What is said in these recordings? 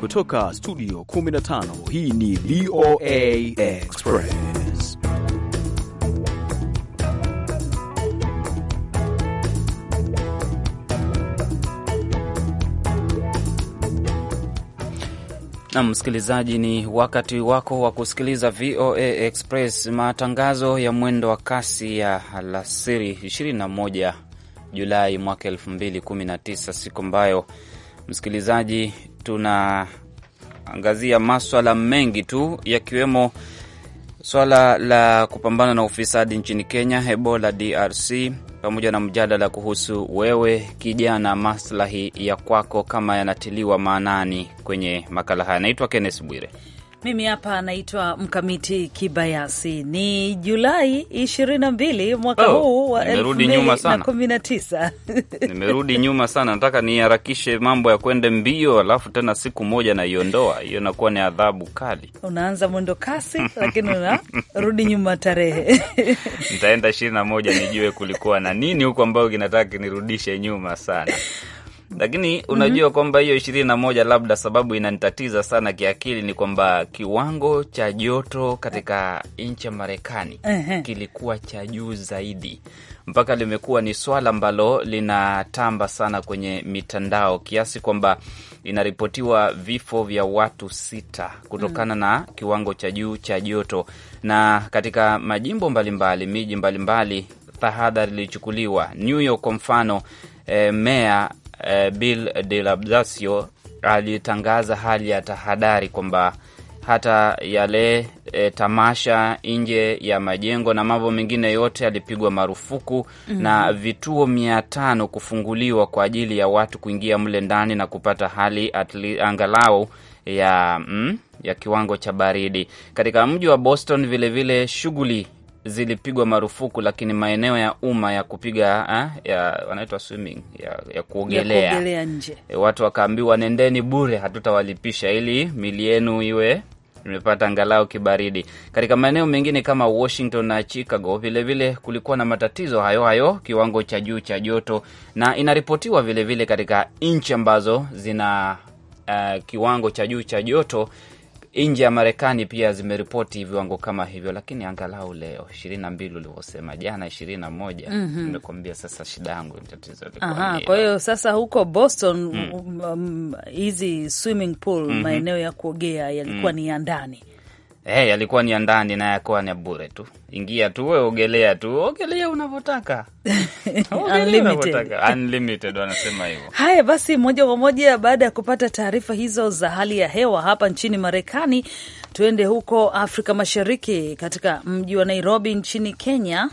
Kutoka studio 15 hii ni VOA Express. Na msikilizaji, ni wakati wako wa kusikiliza VOA Express, matangazo ya mwendo wa kasi ya alasiri 21 Julai mwaka 2019, siku ambayo msikilizaji tunaangazia maswala mengi tu yakiwemo swala la kupambana na ufisadi nchini Kenya, Ebola DRC, pamoja na mjadala kuhusu wewe kijana, maslahi ya kwako kama yanatiliwa maanani kwenye makala haya. Naitwa Kenneth Bwire. Mimi hapa naitwa Mkamiti Kibayasi. Ni Julai 22 mwaka oh, huu wa 2019 nimerudi nyuma sana, nataka niharakishe mambo ya kwende mbio, alafu tena siku moja naiondoa hiyo, nakuwa ni adhabu kali. Unaanza mwendo kasi lakini unarudi nyuma tarehe nitaenda 21 nijue kulikuwa na nini huko ambayo kinataka kinirudishe nyuma sana. Lakini mhm. unajua mm -hmm. kwamba hiyo ishirini na moja labda sababu inanitatiza sana kiakili ni kwamba kiwango cha joto katika nchi ya Marekani uh -huh. kilikuwa cha juu zaidi mpaka limekuwa ni swala ambalo linatamba sana kwenye mitandao kiasi kwamba inaripotiwa vifo vya watu sita kutokana mm. na kiwango cha juu cha joto, na katika majimbo mbalimbali, miji mbalimbali, tahadhari ilichukuliwa. New York kwa mfano, e, eh, meya eh, Bill de la Blasio alitangaza hali ya tahadhari kwamba hata yale e, tamasha nje ya majengo na mambo mengine yote yalipigwa marufuku mm -hmm. na vituo mia tano kufunguliwa kwa ajili ya watu kuingia mle ndani na kupata hali atli, angalau ya, mm, ya kiwango cha baridi katika mji wa Boston. Vilevile shughuli zilipigwa marufuku, lakini maeneo ya umma ya kupiga ha, ya wanaitwa swimming ya, ya kuogelea, ya kuogelea nje, e, watu wakaambiwa nendeni bure, hatutawalipisha ili mili yenu iwe imepata angalau kibaridi. Katika maeneo mengine kama Washington na Chicago vilevile vile kulikuwa na matatizo hayo hayo, kiwango cha juu cha joto, na inaripotiwa vilevile katika nchi ambazo zina uh, kiwango cha juu cha joto nje ya Marekani pia zimeripoti viwango kama hivyo, lakini angalau leo ishirini na mbili ulivyosema jana ishirini na moja mhm. nimekuambia sasa shida yangu tatizo. Kwa hiyo sasa huko Boston hizi mm. um, um swimming pool mhm. maeneo mm -hmm. ya kuogea yalikuwa mm. ni ya ndani Eh, yalikuwa ni ya ndani na yakuwa ni bure tu. Ingia tu we ogelea tu, ogelea unavyotaka unlimited, wanasema hivyo. Haya basi, moja kwa moja baada ya kupata taarifa hizo za hali ya hewa hapa nchini Marekani, tuende huko Afrika Mashariki, katika mji wa Nairobi nchini Kenya.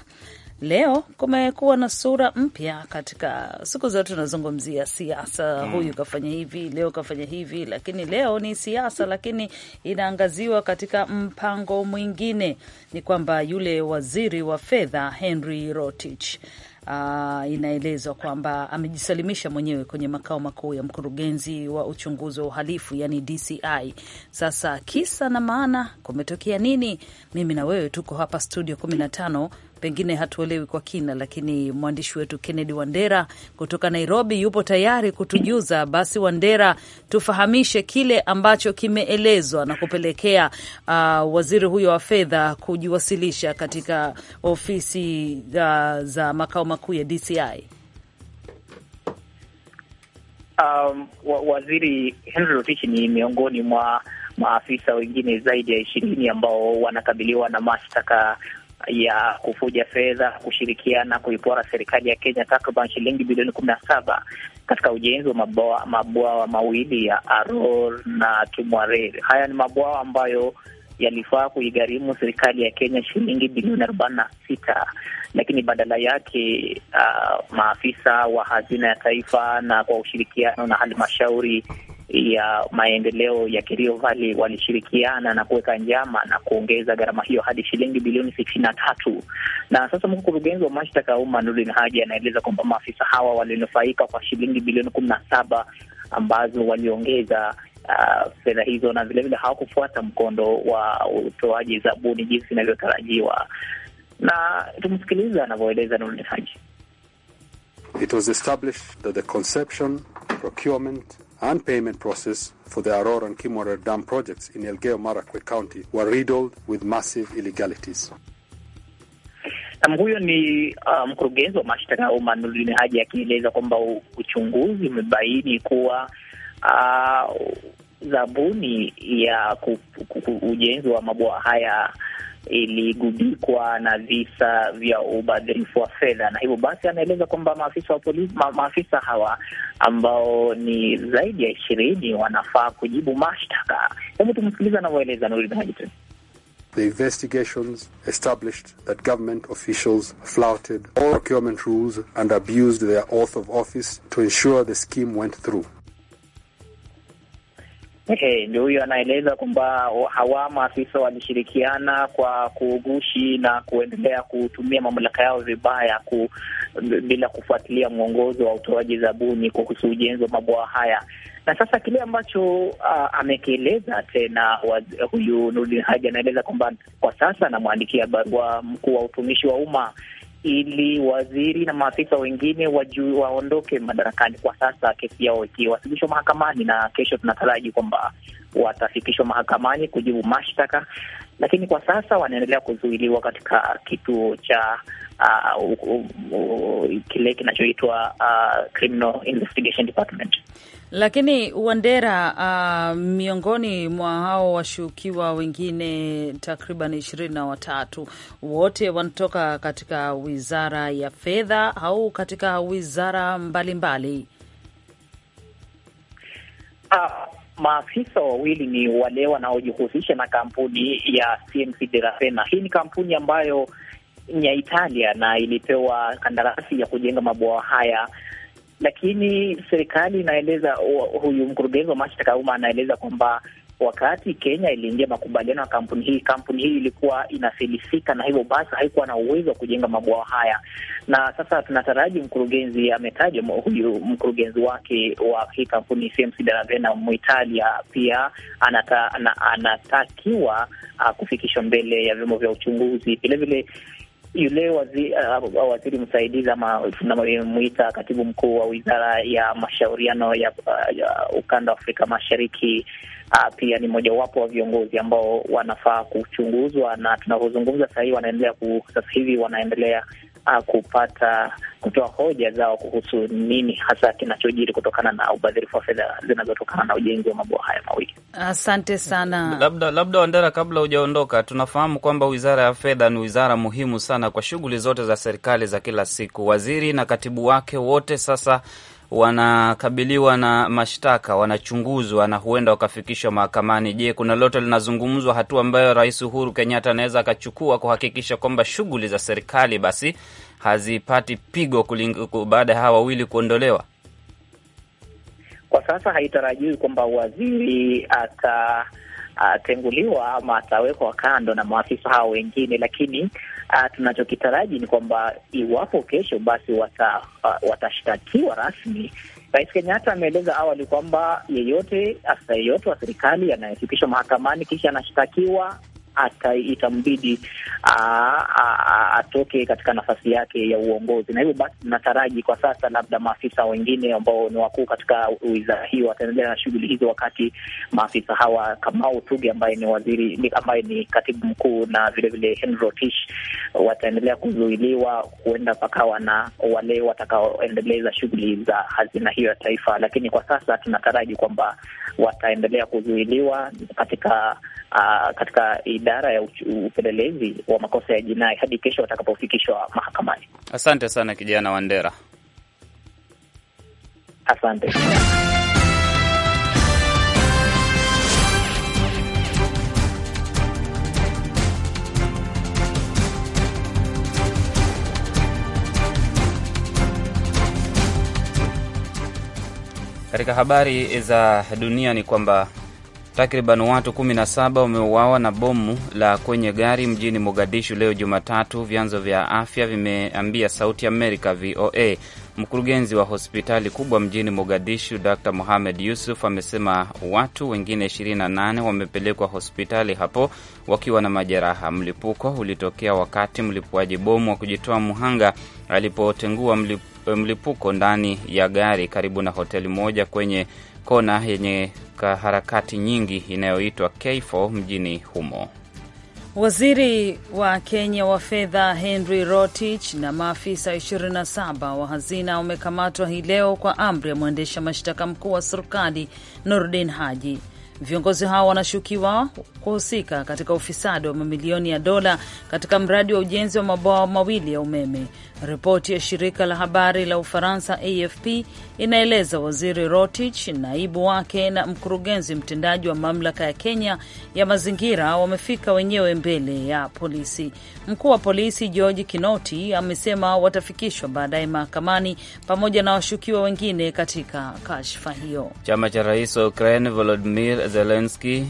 Leo kumekuwa na sura mpya katika siku zote, tunazungumzia siasa mm. Huyu kafanya hivi leo, kafanya hivi, lakini leo ni siasa, lakini inaangaziwa katika mpango mwingine. Ni kwamba yule waziri wa fedha Henry Rotich Uh, inaelezwa kwamba amejisalimisha mwenyewe kwenye makao makuu ya mkurugenzi wa uchunguzi wa uhalifu yani DCI. Sasa kisa na maana, kumetokea nini? Mimi na wewe tuko hapa studio 15 pengine hatuelewi kwa kina, lakini mwandishi wetu Kennedy Wandera kutoka Nairobi yupo tayari kutujuza. Basi Wandera, tufahamishe kile ambacho kimeelezwa na kupelekea uh, waziri huyo wa fedha kujiwasilisha katika ofisi uh, za makao makuu ya DCI. Um, wa, waziri Henry Rotich ni miongoni mwa maafisa wengine zaidi ya ishirini ambao wanakabiliwa na mashtaka ya kufuja fedha kushirikiana kuipora serikali ya Kenya takriban shilingi bilioni kumi na saba katika ujenzi wa mabwawa mawili ya Aror na Kimwarer. Haya ni mabwawa ambayo yalifaa kuigharimu serikali ya Kenya shilingi bilioni arobaini na sita lakini badala yake uh, maafisa wa hazina ya taifa na kwa ushirikiano na halmashauri ya maendeleo ya Kerio Valley walishirikiana na kuweka njama na kuongeza gharama hiyo hadi shilingi bilioni sitini na tatu. Na sasa mkurugenzi wa mashtaka ya umma Nurdin Haji anaeleza kwamba maafisa hawa walinufaika kwa shilingi bilioni kumi na saba ambazo waliongeza uh, fedha hizo, na vilevile hawakufuata mkondo wa utoaji zabuni jinsi inavyotarajiwa. Na tumsikiliza anavyoeleza Nurdin Haji. It was established that the conception, procurement and payment process for the Aurora and Kimwarer dam projects in Elgeyo Marakwet County were riddled with massive illegalities. Na Huyo ni uh, mkurugenzi wa mashtaka ya umma Noordin Haji akieleza kwamba uchunguzi umebaini kuwa uh, zabuni ya ujenzi wa mabwawa haya iligubikwa na visa vya ubadhirifu wa fedha, na hivyo basi anaeleza kwamba maafisa wa polisi, ma, maafisa hawa ambao ni zaidi ya ishirini wanafaa kujibu mashtaka. Hebu tumsikiliza anavyoeleza Nurdin Haji. The investigations established that government officials flouted all procurement rules and abused their oath of office to ensure the scheme went through ndio huyo anaeleza kwamba hawa maafisa walishirikiana kwa kuugushi na kuendelea kutumia mamlaka yao vibaya ku, bila kufuatilia mwongozo wa utoaji zabuni kuhusu ujenzi wa mabwawa haya na sasa kile ambacho uh, amekieleza tena huyu Nurdin Haji anaeleza kwamba kwa sasa anamwandikia barua mkuu wa utumishi wa umma ili waziri na maafisa wengine wajui, waondoke madarakani kwa sasa, kesi yao ikiwasilishwa mahakamani, na kesho tunataraji kwamba watafikishwa mahakamani kujibu mashtaka, lakini kwa sasa wanaendelea kuzuiliwa katika kituo cha uh, uh, uh, kile kinachoitwa uh, Criminal Investigation Department. Lakini Wandera, uh, miongoni mwa hao washukiwa wengine takriban ishirini na watatu wote wanatoka katika wizara ya fedha au katika wizara mbalimbali mbali. Uh, maafisa wawili ni wale wanaojihusisha na kampuni ya CMC Derafena. Hii ni kampuni ambayo ni ya Italia na ilipewa kandarasi ya kujenga mabwawa haya lakini serikali inaeleza, huyu mkurugenzi wa mashtaka ya umma anaeleza kwamba wakati Kenya iliingia makubaliano ya kampuni hii, kampuni hii ilikuwa inafilisika na hivyo basi haikuwa na uwezo wa kujenga mabwawa haya. Na sasa tunataraji mkurugenzi ametaja huyu mkurugenzi wake wa hii kampuni CMC Daravena Muitalia pia anata, anatakiwa uh, kufikishwa mbele ya vyombo vya uchunguzi vilevile yule waziri, uh, waziri msaidizi ama tunamwita katibu mkuu wa wizara ya mashauriano ya, uh, ya ukanda wa Afrika Mashariki uh, pia ni mojawapo wa viongozi ambao wanafaa kuchunguzwa, na tunavyozungumza sasa hivi wanaendelea ku, sasa hivi wanaendelea Ah, kupata kutoa hoja zao kuhusu nini hasa kinachojiri kutokana na ubadhirifu wa fedha zinazotokana na ujenzi wa mabwawa haya mawili. Asante sana. Labda labda Wandera, kabla hujaondoka, tunafahamu kwamba wizara ya fedha ni wizara muhimu sana kwa shughuli zote za serikali za kila siku. Waziri na katibu wake wote sasa wanakabiliwa na mashtaka, wanachunguzwa na huenda wakafikishwa mahakamani. Je, kuna lote linazungumzwa hatua ambayo Rais Uhuru Kenyatta anaweza akachukua kuhakikisha kwamba shughuli za serikali basi hazipati pigo baada ya hawa wawili kuondolewa? Kwa sasa haitarajiwi kwamba waziri atatenguliwa ama atawekwa kando na maafisa hao wengine, lakini Uh, tunachokitaraji ni kwamba iwapo kesho basi wata, uh, watashtakiwa rasmi. Rais Kenyatta ameeleza awali kwamba yeyote, afisa yeyote wa serikali anayefikishwa mahakamani kisha anashtakiwa ata itambidi ah, ah, atoke katika nafasi yake ya uongozi, na hivyo basi tunataraji kwa sasa labda maafisa wengine ambao ni wakuu katika wizara hiyo wataendelea na shughuli hizo, wakati maafisa hawa Kamau Tuge ambaye ni waziri ambaye ni katibu mkuu na vilevile Henry Rotich wataendelea kuzuiliwa. Huenda pakawa na wale watakaoendeleza shughuli za hazina hiyo ya taifa, lakini kwa sasa tunataraji kwamba wataendelea kuzuiliwa katika uh, katika idara ya upelelezi wa makosa ya jinai hadi kesho watakapofikishwa mahakamani. Asante sana kijana Wandera, asante. Katika habari za dunia ni kwamba Takriban watu 17 wameuawa na bomu la kwenye gari mjini Mogadishu leo Jumatatu, vyanzo vya afya vimeambia Sauti Amerika VOA. Mkurugenzi wa hospitali kubwa mjini Mogadishu, Dr Mohamed Yusuf, amesema watu wengine 28 wamepelekwa hospitali hapo wakiwa na majeraha. Mlipuko ulitokea wakati mlipuaji bomu wa kujitoa mhanga alipotengua mlipuko ndani ya gari karibu na hoteli moja kwenye kona yenye harakati nyingi inayoitwa K4 mjini humo. Waziri wa Kenya wa fedha Henry Rotich na maafisa 27 wa hazina wamekamatwa hii leo kwa amri ya mwendesha mashtaka mkuu wa serikali Nordin Haji. Viongozi hao wanashukiwa kuhusika katika ufisadi wa mamilioni ya dola katika mradi wa ujenzi wa mabwawa mawili ya umeme. Ripoti ya shirika la habari la Ufaransa AFP inaeleza waziri Rotich, naibu wake na mkurugenzi mtendaji wa mamlaka ya Kenya ya mazingira wamefika wenyewe mbele ya polisi. Mkuu wa polisi George Kinoti amesema watafikishwa baadaye mahakamani pamoja na washukiwa wengine katika kashfa hiyo. Chama cha rais wa Ukraine Volodimir Zelensky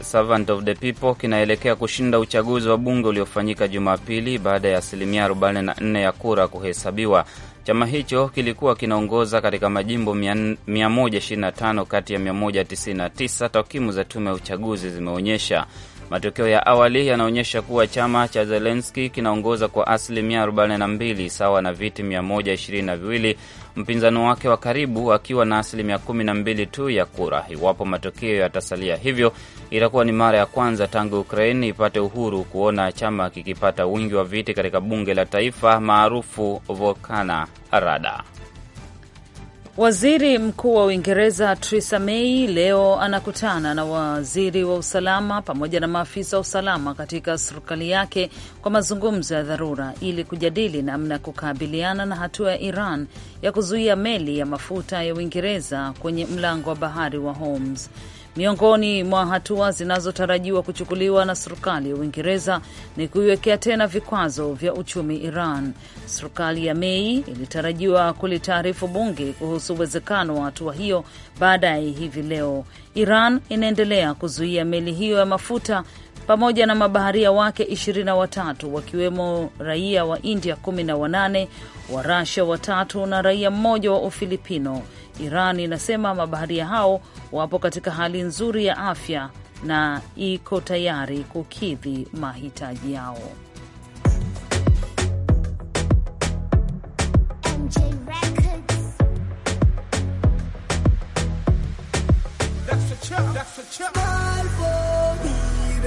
Servant of the People kinaelekea kushinda uchaguzi wa bunge uliofanyika Jumapili baada ya asilimia 44 ya kura kuhesabiwa. Chama hicho kilikuwa kinaongoza katika majimbo 125 kati ya 199, takwimu za tume ya uchaguzi zimeonyesha. Matokeo ya awali yanaonyesha kuwa chama cha Zelenski kinaongoza kwa asilimia 42 sawa na viti 122 mpinzani wake wa karibu akiwa na asilimia kumi na mbili tu ya kura. Iwapo matokeo yatasalia hivyo, itakuwa ni mara ya kwanza tangu ukrain ipate uhuru kuona chama kikipata wingi wa viti katika bunge la taifa maarufu Volkana Rada. Waziri Mkuu wa Uingereza Theresa May leo anakutana na waziri wa usalama pamoja na maafisa wa usalama katika serikali yake kwa mazungumzo ya dharura ili kujadili namna ya kukabiliana na hatua ya Iran ya kuzuia meli ya mafuta ya Uingereza kwenye mlango wa bahari wa Hormuz. Miongoni mwa hatua zinazotarajiwa kuchukuliwa na serikali ya Uingereza ni kuiwekea tena vikwazo vya uchumi Iran. Serikali ya Mei ilitarajiwa kulitaarifu bunge kuhusu uwezekano wa hatua hiyo baadaye hivi leo. Iran inaendelea kuzuia meli hiyo ya mafuta pamoja na mabaharia wake 23 wakiwemo raia wa India 18, wa Rasia watatu na raia mmoja wa Ufilipino. Iran inasema mabaharia hao wapo katika hali nzuri ya afya na iko tayari kukidhi mahitaji yao. That's a chip, that's a chip.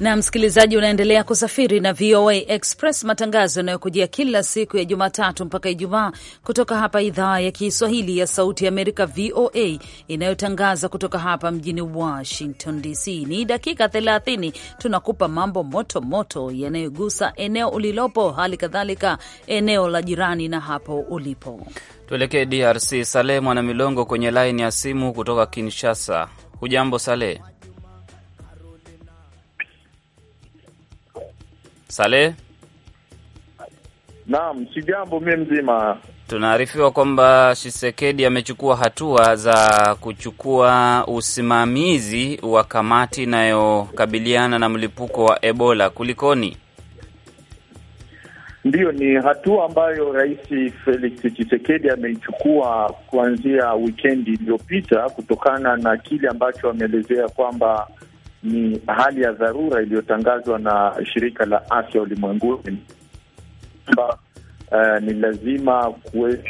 na msikilizaji, unaendelea kusafiri na VOA Express, matangazo yanayokujia kila siku ya Jumatatu mpaka Ijumaa kutoka hapa idhaa ya Kiswahili ya Sauti ya Amerika, VOA, inayotangaza kutoka hapa mjini Washington DC. Ni dakika 30 tunakupa mambo moto moto yanayogusa eneo ulilopo, hali kadhalika eneo la jirani na hapo ulipo. Tuelekee DRC. Saleh Mwana Milongo kwenye laini ya simu kutoka Kinshasa. Hujambo Saleh? Saleh. Naam, jambo mi mzima. Tunaarifiwa kwamba Shisekedi amechukua hatua za kuchukua usimamizi wa kamati inayokabiliana na mlipuko wa Ebola. Kulikoni? Ndiyo, ni hatua ambayo Rais Felix Tshisekedi ameichukua kuanzia wikendi iliyopita kutokana na kile ambacho ameelezea kwamba ni hali ya dharura iliyotangazwa na shirika la afya ulimwenguni kwamba uh, ni lazima kuwe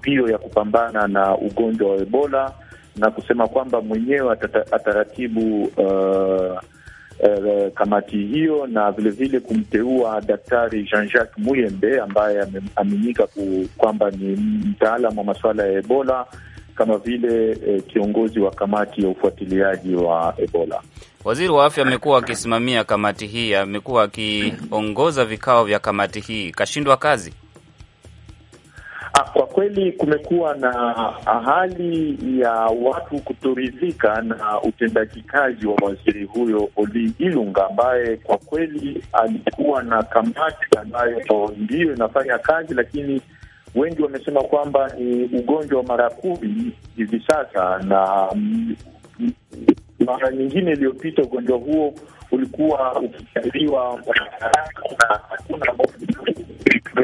pio ya kupambana na ugonjwa wa Ebola na kusema kwamba mwenyewe ataratibu uh, uh, kamati hiyo na vilevile vile kumteua Daktari Jean-Jacques Muyembe ambaye ameaminika kwamba ni mtaalam wa masuala ya Ebola kama vile e, kiongozi wa kamati ya ufuatiliaji wa Ebola. Waziri wa afya amekuwa akisimamia kamati hii, amekuwa akiongoza vikao vya kamati hii, kashindwa kazi. Ah, kwa kweli kumekuwa na hali ya watu kutoridhika na utendaji kazi wa waziri huyo Oli Ilunga, ambaye kwa kweli alikuwa na kamati ambayo ndiyo inafanya kazi, lakini wengi wamesema kwamba ni ugonjwa wa mara kumi hivi sasa, na mara nyingine iliyopita ugonjwa huo ulikuwa ukiathiriwa na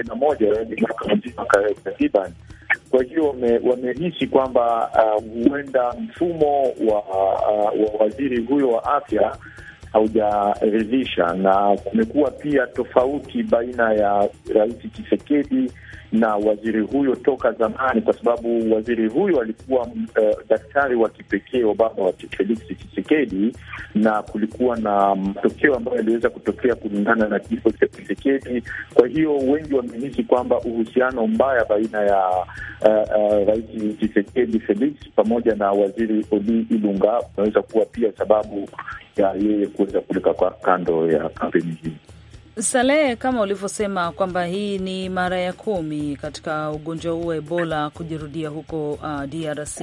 na moja mwaka mzima takriban. Kwa hiyo wamehisi kwamba uh, huenda mfumo wa, uh, wa waziri huyo wa afya haujaridhisha, na kumekuwa pia tofauti baina ya Rais chisekedi na waziri huyo toka zamani, kwa sababu waziri huyo alikuwa uh, daktari wa kipekee wa baba wa Felix Tshisekedi, na kulikuwa na matokeo ambayo yaliweza kutokea kulingana na kifo cha Tshisekedi. Kwa hiyo wengi wamehisi kwamba uhusiano mbaya baina ya uh, uh, rais Tshisekedi Felix pamoja na waziri Odi Ilunga unaweza kuwa pia sababu ya yeye kuweza kuleka kwa kando ya kampeni hii. Salehe, kama ulivyosema kwamba hii ni mara ya kumi katika ugonjwa huu wa Ebola kujirudia huko uh, DRC.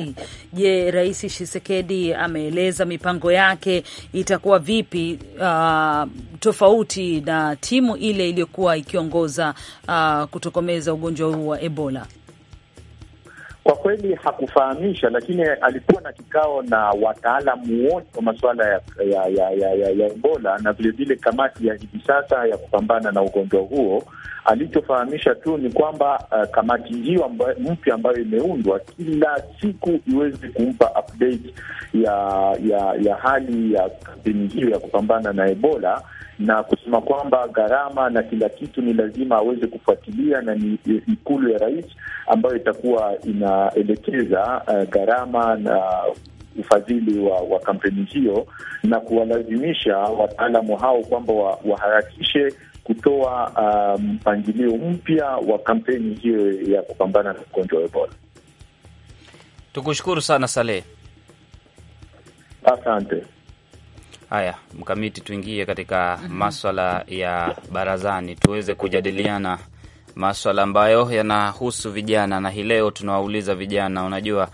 Je, Rais Tshisekedi ameeleza mipango yake itakuwa vipi, uh, tofauti na timu ile iliyokuwa ikiongoza uh, kutokomeza ugonjwa huu wa Ebola? kwa kweli hakufahamisha, lakini alikuwa na kikao na wataalamu wote wa masuala ya, ya, ya, ya, ya, ya Ebola na vilevile kamati ya hivi sasa ya kupambana na ugonjwa huo. Alichofahamisha tu ni kwamba uh, kamati hiyo mpya ambayo imeundwa kila siku iweze kumpa update ya, ya, ya hali ya kampeni hiyo ya kupambana na Ebola na kusema kwamba gharama na kila kitu ni lazima aweze kufuatilia, na ni e, ikulu ya rais ambayo itakuwa inaelekeza uh, gharama na ufadhili wa, wa kampeni hiyo na kuwalazimisha wataalamu hao kwamba wa, waharakishe kutoa e, mpangilio um, mpya wa kampeni hiyo ya kupambana na ugonjwa wa Ebola. Tukushukuru sana Saleh, asante. Haya, mkamiti, tuingie katika maswala ya barazani, tuweze kujadiliana maswala ambayo yanahusu vijana, na hii leo tunawauliza vijana. Unajua,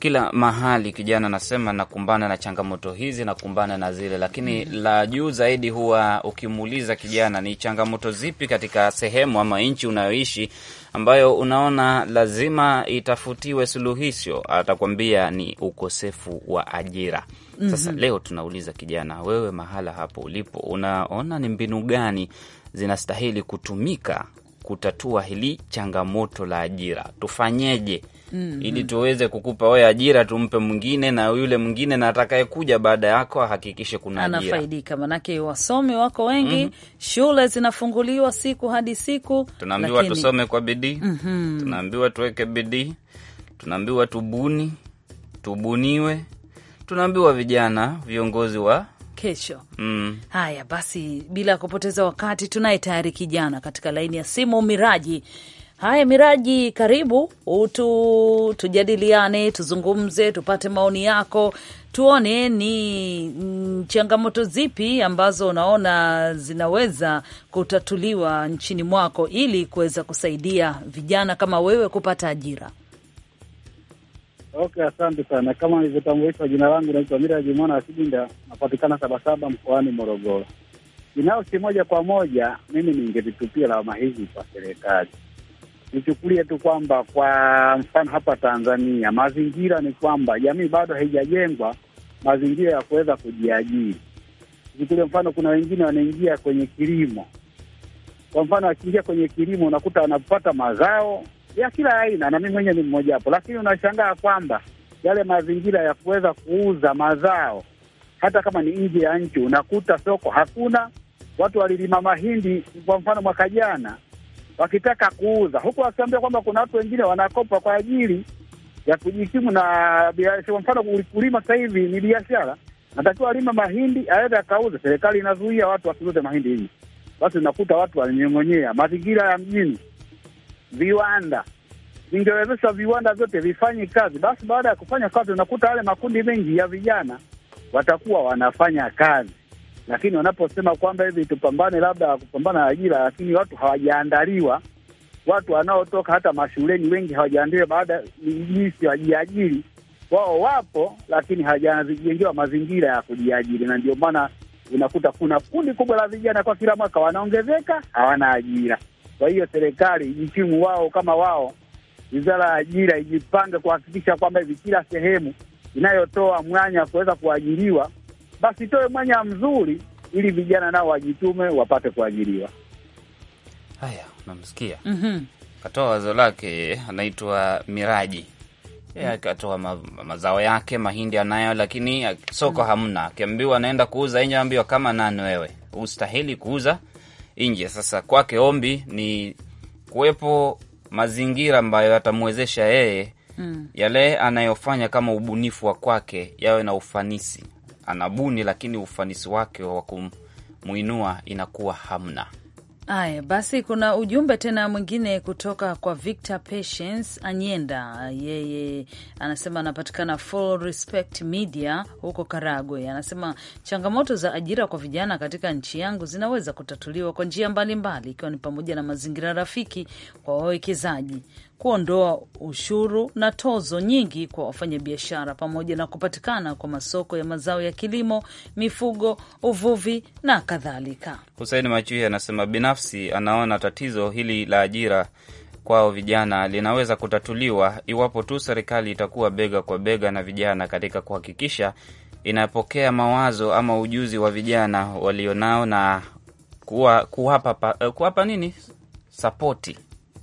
kila mahali kijana anasema nakumbana na changamoto hizi, nakumbana na zile, lakini la juu zaidi huwa ukimuuliza kijana ni changamoto zipi katika sehemu ama nchi unayoishi ambayo unaona lazima itafutiwe suluhisho, atakwambia ni ukosefu wa ajira. Mm-hmm. Sasa mm -hmm. Leo tunauliza kijana, wewe mahala hapo ulipo, unaona ni mbinu gani zinastahili kutumika kutatua hili changamoto la ajira? Tufanyeje? Mm -hmm. Ili tuweze kukupa wewe ajira, tumpe mwingine na yule mwingine na atakayekuja baada yako ahakikishe kuna ajira, anafaidika. Manake wasomi wako wengi mm -hmm. Shule zinafunguliwa siku hadi siku, tunaambiwa lakini... tusome kwa bidii mm -hmm. Tunaambiwa tuweke bidii, tunaambiwa tubuni, tubuniwe tunaambiwa vijana viongozi wa kesho. Mm. Haya basi, bila ya kupoteza wakati, tunaye tayari kijana katika laini ya simu, Miraji. Haya Miraji, karibu utu, tujadiliane, tuzungumze, tupate maoni yako, tuone ni mm, changamoto zipi ambazo unaona zinaweza kutatuliwa nchini mwako ili kuweza kusaidia vijana kama wewe kupata ajira. Okay, asante sana. Kama nilivyotambulishwa, jina langu naitwa Mira Jimona Akibinda, napatikana Sabasaba mkoani Morogoro. Binafsi moja kwa moja, mimi ningevitupia lawama hizi kwa serikali. Nichukulie tu kwamba kwa mfano hapa Tanzania mazingira ni kwamba jamii bado haijajengwa mazingira ya kuweza kujiajiri. Nichukulie mfano, kuna wengine wanaingia kwenye kilimo. Kwa mfano, akiingia kwenye kilimo unakuta anapata mazao ya kila aina, na mimi mwenyewe ni mmoja hapo, lakini unashangaa kwamba yale mazingira ya kuweza kuuza mazao hata kama ni nje ya nchi, unakuta soko hakuna. Watu walilima mahindi kwa mfano mwaka jana, wakitaka kuuza, huku wakiambia kwamba kuna watu wengine wanakopa kwa ajili ya kujikimu na biashara. Kwa mfano kulima sasa hivi ni biashara, natakiwa alima mahindi aweze akauza, serikali inazuia watu wasiuze mahindi hii. Basi unakuta watu walinyong'onyea, mazingira ya mjini viwanda vingewezesha viwanda vyote vifanye kazi. Basi baada ya kufanya kazi, unakuta wale makundi mengi ya vijana watakuwa wanafanya kazi, lakini wanaposema kwamba hivi tupambane, labda kupambana ajira, lakini watu hawajaandaliwa. Watu wanaotoka hata mashuleni wengi hawajaandaliwa, baada jinsi wajiajiri wao wapo, lakini hawajajengewa mazingira ya kujiajiri, na ndio maana unakuta kuna kundi kubwa la vijana kwa kila mwaka wanaongezeka, hawana ajira. Kwa hiyo serikali ijikimu wao kama wao, wizara ya ajira ijipange kuhakikisha kwamba hivi kila sehemu inayotoa mwanya kuweza kuajiriwa, basi itoe mwanya mzuri, ili vijana nao wajitume wapate kuajiriwa. Haya, namsikia mm -hmm. Katoa wazo lake, anaitwa Miraji mm. akatoa ma mazao yake mahindi anayo, lakini soko mm. hamna. Akiambiwa anaenda kuuza nje, kama nani wewe, ustahili kuuza nje. Sasa kwake ombi ni kuwepo mazingira ambayo yatamwezesha yeye mm. yale anayofanya kama ubunifu wa kwake yawe na ufanisi, anabuni lakini ufanisi wake wa kumwinua inakuwa hamna. Haya basi, kuna ujumbe tena mwingine kutoka kwa Victor Patience Anyenda. Yeye anasema anapatikana Full Respect Media huko Karagwe. Anasema changamoto za ajira kwa vijana katika nchi yangu zinaweza kutatuliwa kwa njia mbalimbali, ikiwa ni pamoja na mazingira rafiki kwa wawekezaji, kuondoa ushuru na tozo nyingi kwa wafanyabiashara pamoja na kupatikana kwa masoko ya mazao ya kilimo, mifugo, uvuvi na kadhalika. Husein Machui anasema binafsi anaona tatizo hili la ajira kwao vijana linaweza kutatuliwa iwapo tu serikali itakuwa bega kwa bega na vijana katika kuhakikisha inapokea mawazo ama ujuzi wa vijana walionao na kuwapa kuwapa nini sapoti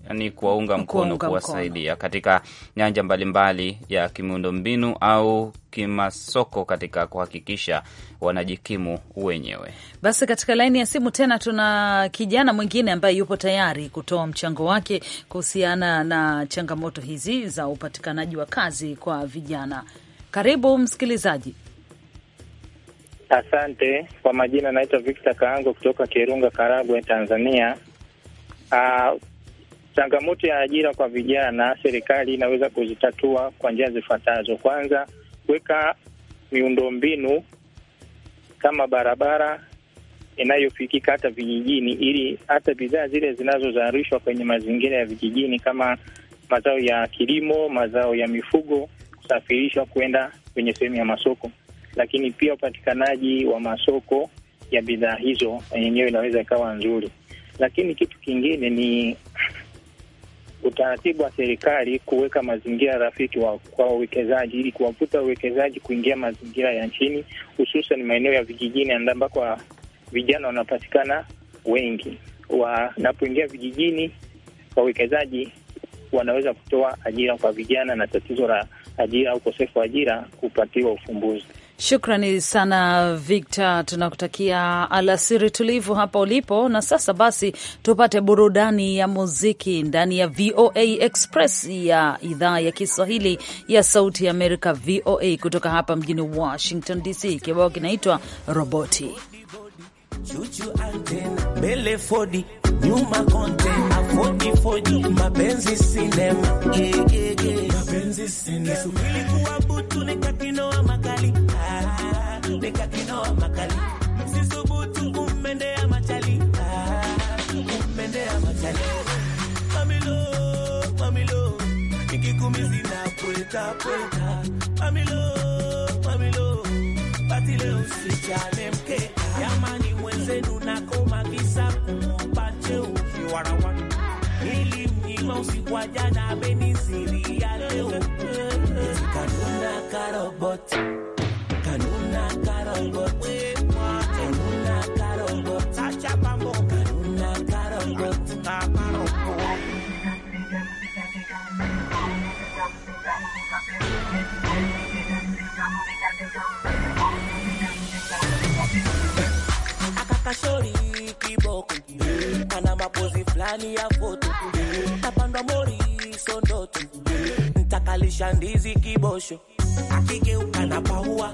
yani kuwaunga mkono, kuwasaidia katika nyanja mbalimbali mbali ya kimiundombinu au kimasoko katika kuhakikisha wanajikimu wenyewe. Basi katika laini ya simu tena tuna kijana mwingine ambaye yupo tayari kutoa mchango wake kuhusiana na changamoto hizi za upatikanaji wa kazi kwa vijana. Karibu msikilizaji. Asante kwa majina, naitwa Victor Kaango kutoka Kirunga, Karagwe, Tanzania. Ah, Changamoto ya ajira kwa vijana, serikali inaweza kuzitatua kwa njia zifuatazo. Kwanza, kuweka miundombinu kama barabara inayofikika hata vijijini, ili hata bidhaa zile zinazozalishwa kwenye mazingira ya vijijini kama mazao ya kilimo, mazao ya mifugo kusafirishwa kwenda kwenye sehemu ya masoko. Lakini pia upatikanaji wa masoko ya bidhaa hizo yenyewe inaweza ikawa nzuri. Lakini kitu kingine ni utaratibu wa serikali kuweka mazingira rafiki wa, kwa wawekezaji ili kuwavuta wawekezaji kuingia mazingira ya nchini, hususan maeneo ya vijijini ambako vijana wanapatikana wengi. Wanapoingia vijijini, wawekezaji wanaweza kutoa ajira kwa vijana na tatizo la ajira au ukosefu wa ajira kupatiwa ufumbuzi. Shukrani sana Victor, tunakutakia alasiri tulivu hapa ulipo. Na sasa basi, tupate burudani ya muziki ndani ya VOA Express ya idhaa ya Kiswahili ya Sauti ya Amerika, VOA, kutoka hapa mjini Washington DC. Kibao kinaitwa Roboti nikatinoa makali msisubutu kumendea machali kumendea machali mamilo mamilo nikikumizinda pweta pweta mamilo mamilo batile usichane mke jamani mwenzenu nakoma kisa kumpache ukiwarawa ilimnyima usiku wa jana benisiri leo kanuna karoboti Akakashori kiboko ana mapozi fulani ya foto, tapandwa mori sondoto, ntakalisha ndizi kibosho, akigeuka na paua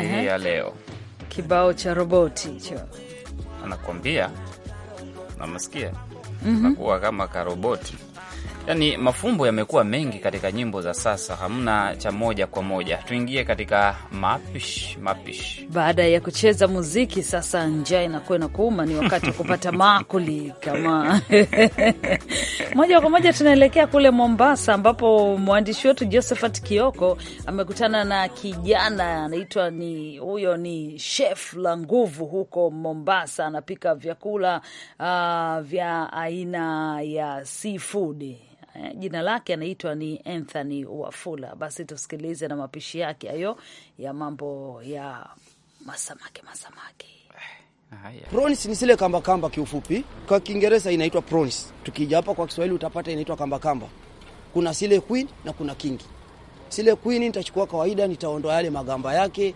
-huh. ya leo, kibao cha roboti hicho, anakwambia namasikia, mm -hmm. nakuwa kama karoboti yani mafumbo yamekuwa mengi katika nyimbo za sasa, hamna cha moja kwa moja. Tuingie katika mapish mapish. Baada ya kucheza muziki, sasa njaa inakuwa na kuuma, ni wakati wa kupata maakuli kama moja kwa moja tunaelekea kule Mombasa, ambapo mwandishi wetu Josephat Kioko amekutana na kijana anaitwa ni huyo ni chef la nguvu huko Mombasa, anapika vyakula uh, vya aina ya seafood eh, jina lake anaitwa ni Anthony Wafula. Basi tusikilize na mapishi yake hayo ya mambo ya masamake masamake. Eh, prawns ni zile kamba kamba, kiufupi kwa Kiingereza inaitwa prawns. Tukija hapa kwa Kiswahili utapata inaitwa kamba kamba. Kuna sile queen na kuna kingi. Sile queen nitachukua kawaida, nitaondoa yale magamba yake.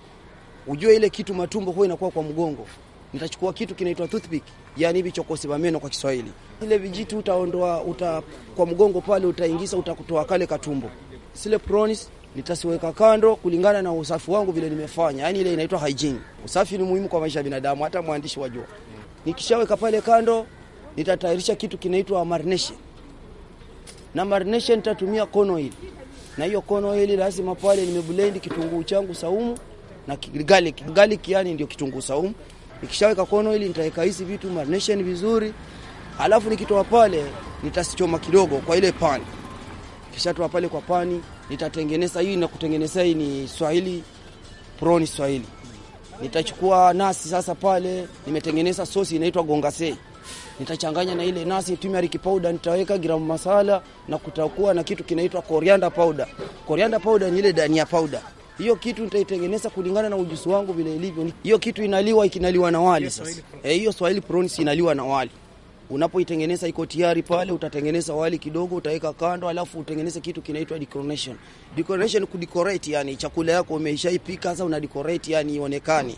Ujue ile kitu matumbo huwa inakuwa kwa mgongo. Nitachukua kitu kinaitwa toothpick yani vichokozi vya meno kwa Kiswahili. Ile vijitu utaondoa uta, kwa mgongo pale utaingiza utakutoa kale katumbo. Sile pronis nitasiweka kando kulingana na usafi wangu vile nimefanya, yani ile inaitwa hygiene. Usafi ni muhimu kwa maisha ya binadamu, hata mwandishi wa jua. Nikishaweka pale kando, nitatayarisha kitu kinaitwa marination, na marination nitatumia kono hili na hiyo kono hili lazima pale nimeblend kitunguu changu saumu na garlic. Garlic yani ndio kitunguu saumu Nikishaweka kono ili nitaweka hizi vitu marination vizuri, alafu nikitoa pale nitasichoma kidogo kwa ile pani. Kishatoa pale kwa pani nitatengeneza hii na kutengeneza hii ni Swahili proni Swahili. Nitachukua nasi sasa pale, nimetengeneza sosi inaitwa gongase. Nitachanganya na ile nasi, turmeric powder, nitaweka gramu masala na kutakuwa na kitu kinaitwa coriander powder. Coriander powder ni ile dania powder hiyo kitu nitaitengeneza kulingana na ujuzi wangu vile ilivyo. Hiyo kitu inaliwa, ikinaliwa na wali sasa. Eh, hiyo Swahili prawns inaliwa na wali Unapoitengeneza iko tayari pale, utatengeneza wali kidogo, utaweka kando, alafu utengeneze kitu kinaitwa decoration. Decoration, kudecorate yani chakula yako umeishaipika sasa, una decorate yani ionekane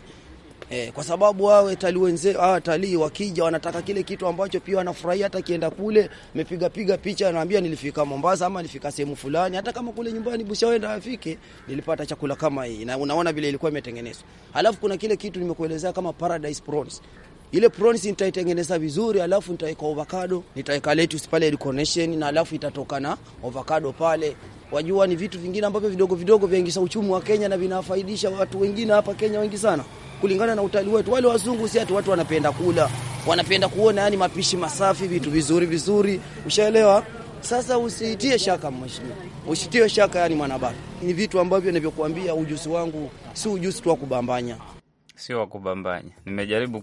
eh, kwa sababu hao watalii wenze hao watalii wakija wanataka kile kitu ambacho pia wanafurahia. Hata kienda kule mepiga piga picha, anaambia nilifika Mombasa ama nilifika sehemu fulani, hata kama kule nyumbani Bushaenda afike nilipata chakula kama hii, na unaona vile ilikuwa imetengenezwa. Halafu kuna kile kitu nimekuelezea kama paradise prawns ile prawns nitaitengeneza vizuri, alafu nitaweka avocado, nitaweka lettuce pale decoration, na alafu itatoka na avocado pale. Wajua ni vitu vingine ambavyo vidogo vidogo vyaingisha uchumi wa Kenya na vinafaidisha watu wengine hapa Kenya wengi sana, kulingana na utalii wetu. Wale wazungu si ati watu wanapenda kula, wanapenda kuona yani mapishi masafi, vitu vizuri vizuri, ushaelewa? Sasa usitie shaka mheshimiwa, usitie shaka yani mwanababa, ni vitu ambavyo navyokuambia, ujuzi wangu si ujuzi tu wa kubambanya sio wa kubambanya. Nimejaribu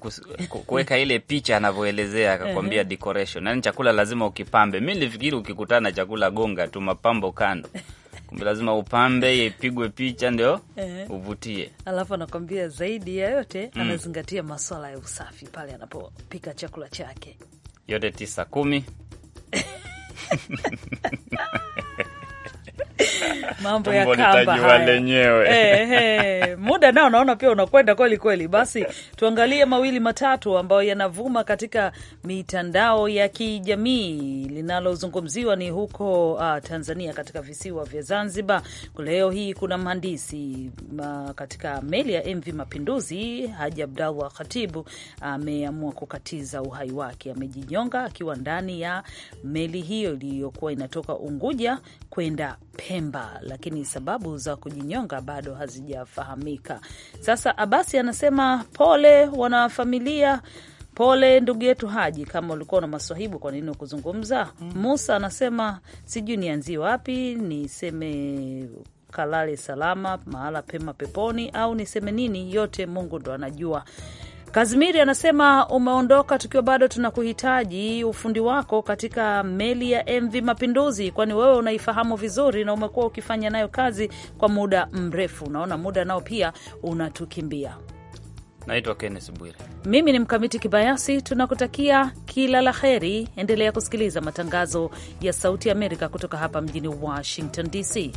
kuweka ile picha anavyoelezea akakwambia decoration, yaani chakula lazima ukipambe. Mi nilifikiri ukikutana chakula gonga tu, mapambo kando lazima upambe, ipigwe picha ndio uvutie. Alafu anakwambia zaidi ya yote mm, anazingatia maswala ya usafi pale anapopika chakula chake. Yote tisa kumi mambo ya kamba lenyewe. Hey, eh, eh. hey. Muda nao naona pia unakwenda kweli kweli. Basi tuangalie mawili matatu ambayo yanavuma katika mitandao ya kijamii. Linalozungumziwa ni huko uh, Tanzania, katika visiwa vya Zanzibar. Leo hii kuna mhandisi uh, katika meli ya MV Mapinduzi Haji Abdallah Khatibu ameamua uh, kukatiza uhai wake. Amejinyonga akiwa ndani ya meli hiyo iliyokuwa inatoka Unguja kwenda Pemba, lakini sababu za kujinyonga bado hazijafahamika. Sasa Abasi anasema pole wanafamilia Pole ndugu yetu Haji, kama ulikuwa na maswahibu, kwa nini ukuzungumza? mm Musa anasema sijui nianzie wapi, niseme kalale salama mahala pema peponi, au niseme nini? Yote Mungu ndo anajua. Kazimiri anasema umeondoka tukiwa bado tunakuhitaji ufundi wako katika meli ya MV Mapinduzi, kwani wewe unaifahamu vizuri na umekuwa ukifanya nayo kazi kwa muda mrefu. Unaona muda nao pia unatukimbia. Naitwa Kennes Bwire, mimi ni Mkamiti Kibayasi. Tunakutakia kila la heri. Endelea kusikiliza matangazo ya Sauti Amerika kutoka hapa mjini Washington DC.